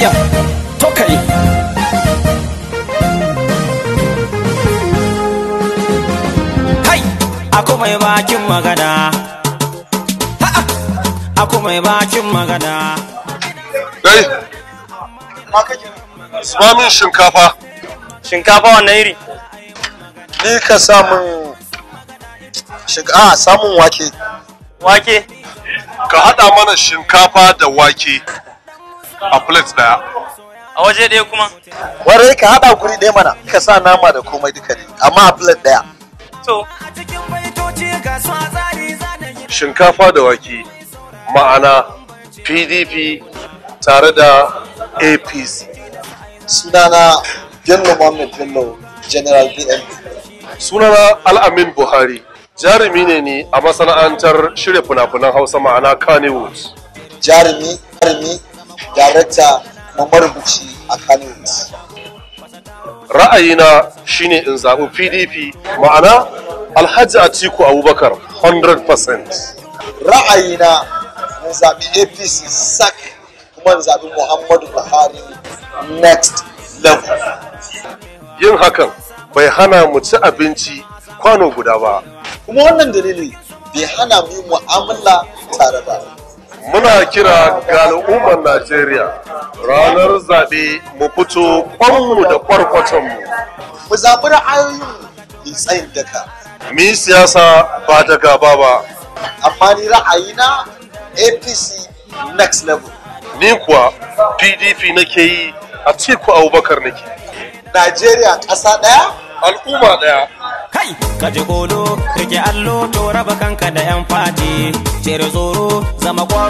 maryam tokari kai aku mai bakin magana aku mai bakin magana dai Sumamin shinkafa. Shinkafa wannan iri? Ni ka samun shinkafa, samun wake. Wake? Ka haɗa mana shinkafa da wake. a plate daya a waje ɗaya kuma warai ka haɗa guri ɗaya mana ka sa nama da komai duka ne amma a plate daya to shinkafa da wake ma'ana pdp tare da apc sunana Bello Muhammad Bello General Suna Sunana Al'amin Buhari, jarumi ne ni a masana'antar shirya fina-finan Hausa ma'ana Carnivores. Jarumi, jarumi, darakta na marubuci a Kanewood. Ra'ayina shine in zaɓi PDP ma'ana Alhaji Atiku Abubakar 100%. Ra'ayina in zaɓi APC sak kuma in zaɓi Muhammadu Buhari next level. Yin hakan bai hana mu ci abinci kwano guda ba. Kuma wannan dalili bai hana mu yi mu'amala tare ba. muna kira ga al'ummar najeriya ranar zaɓe mu fito kwanmu da kwarkwatonmu mu zaɓi ra'ayoyin mai tsayin daka mi siyasa ba ta gaba ba amma ni ra'ayi na apc next level ni kuwa pdp nake yi a ciku abubakar nake najeriya ƙasa ɗaya al'umma ɗaya kai ka ji kolo rike allo to raba kanka da yan fadi, cire tsoro zama kwaro